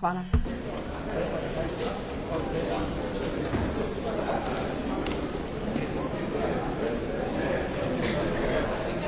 Hvala.